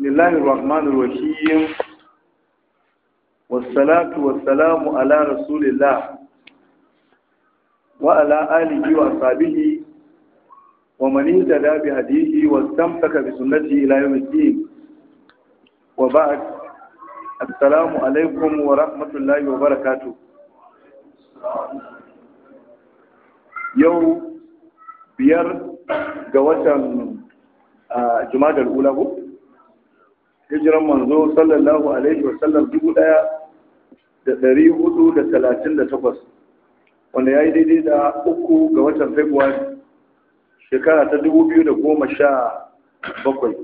بسم الله الرحمن الرحيم والصلاة والسلام على رسول الله وعلى آله وأصحابه ومن اهتدى بهديه واستمسك بسنته إلى يوم الدين وبعد السلام عليكم ورحمة الله وبركاته يوم biyar ga جمادى jumadar ula hijiran manzo sallallahu alaihi wa sallam dubu ɗaya da ɗari hudu da talatin da takwas wanda ya yi daidai da uku ga watan februari shekara ta dubu biyu da goma sha bakwai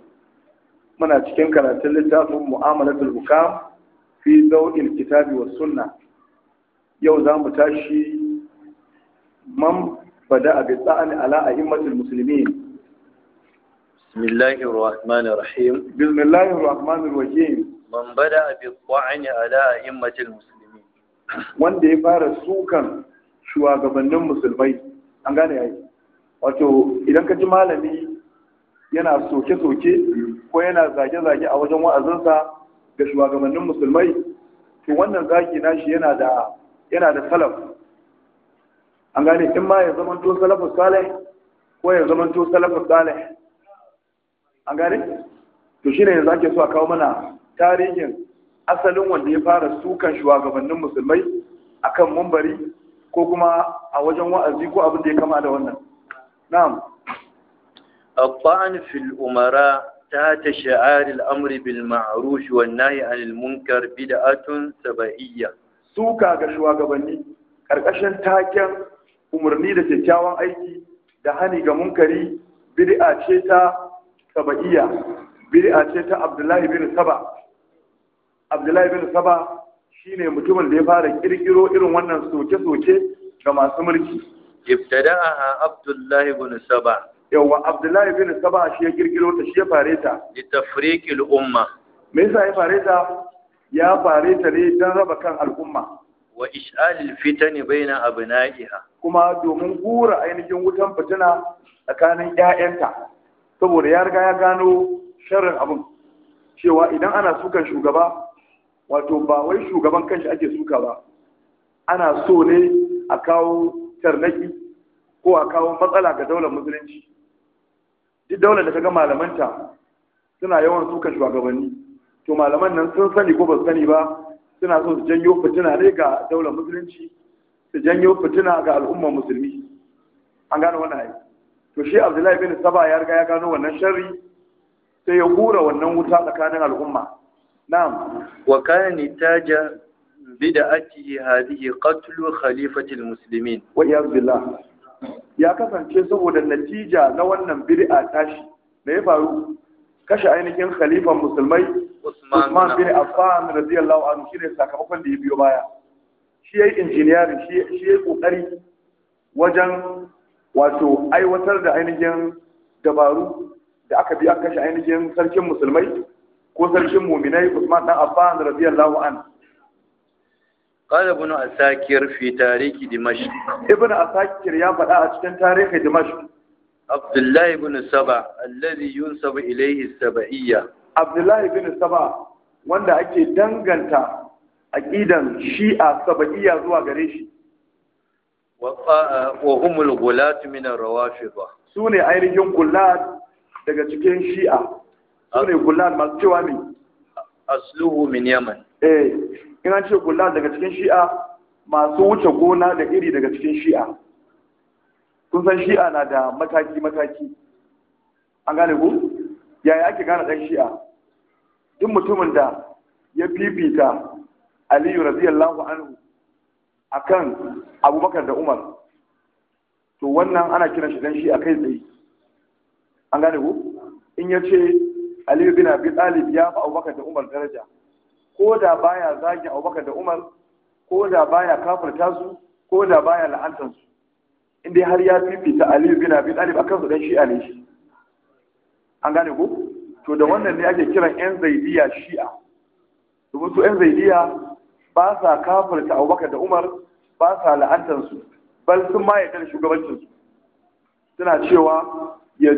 muna cikin karatun littafin mu'amalatul hukam fi zau'in kitabi wa sunna yau za mu tashi man bada abin tsa'ani ala a'immatul musulmi. بسم الله الرحمن الرحيم بسم الله الرحمن الرحيم من بدأ بالطعن على أئمة المسلمين wanda ya fara sukan shugabannin musulmai an gane ai wato idan ka ji malami yana soke-soke ko yana zage-zage a wajen wa'azinsa ga shugabannin musulmai to wannan zaki nashi yana da yana da salaf an gane in ma ya zamanto salafus salih ko ya zamanto salafus salih an gane to shine yanzu ake so a kawo mana tarihin asalin wanda ya fara sukan shugabannin musulmai akan mumbari ko kuma a wajen wa'azi ko abin da ya kama da wannan na'am الطعن في الأمراء تحت شعار الأمر بالمعروف والنهي عن المنكر بدعة saba'iyya. Suka ga shugabanni: karkashin taken umarni da kyakkyawan aiki da hani ga munkari bid'a ce ta saba'iya bid'a ce ta Abdullahi bin Saba Abdullahi bin Saba shine mutumin da ya fara kirkiro irin wannan soke-soke ga masu mulki ibtada'aha Abdullahi bin Saba yawa Abdullahi bin Saba shi ya kirkiro ta shi ya fare ta li tafriqil umma me yasa ya fare ta ya fare ta ne dan raba kan al'umma wa ish'alil fitani baina abna'iha kuma domin gura ainihin wutan fitina tsakanin ƴaƴanta saboda ya riga ya gano sharrin abin cewa idan ana sukan shugaba wato ba wai shugaban kanshi ake suka ba ana so ne a kawo tarnaki ko a kawo matsala ga daular musulunci duk daular da ta ga malamanta suna yawan sukan shugabanni to malaman nan sun sani ko ba su sani ba suna so su janyo fitina ne ga daular musulunci su janyo fitina ga al'ummar musulmi an gano wannan aiki to shi abdullahi bin saba ya riga ya gano wannan sharri sai ya hura wannan wuta tsakanin al'umma na'am wa kana nitaja bid'ati hadhihi qatl khalifati almuslimin wa ya abdullah ya kasance saboda natija na wannan bid'a tashi da ya faru kashe ainihin khalifan musulmai Usman bin Affan radiyallahu anhu shine sakamakon da ya biyo baya shi yayi engineering shi yayi kokari wajen wato aiwatar da ainihin dabaru da aka biya kashe ainihin sarkin musulmai ko sarkin muminai Usman dan Affan radiyallahu an قال ابن أساكر في تاريخ دمشق ابن أساكر يا بدأ أشكن تاريخ دمشق عبد الله بن سبع الذي ينسب إليه السبعية عبد الله بن سبع wanda ake danganta aqidan shi'a sabaiya zuwa gare shi wa humul gulat min ar-rawafidh su ne ainihin gulat daga cikin shi'a Sune ne gulat masu cewa ne asluhu min yaman eh ina ce gulat daga cikin shi'a masu wuce gona da iri daga cikin shi'a kun san shi'a na da mataki mataki an gane ku yaya ake gane dan shi'a duk mutumin da ya fifita aliyu radiyallahu anhu akan abubakar da umar to wannan ana kiran shi dan shi a kai tsaye an gane ku in ya ce aliyu bin abi talib ya fi abubakar da umar daraja ko da baya zagin abubakar da umar ko da baya kafirta su ko da baya la'antar su in dai har ya fifita aliyu bin abi talib akan su dan shi'a ne shi an gane ku to da wannan ne ake kiran yan zaidiya shi'a domin su yan zaidiya ba sa kafirta abubakar da umar ba sa la'antar su bal sun ma shugabancin suna cewa ya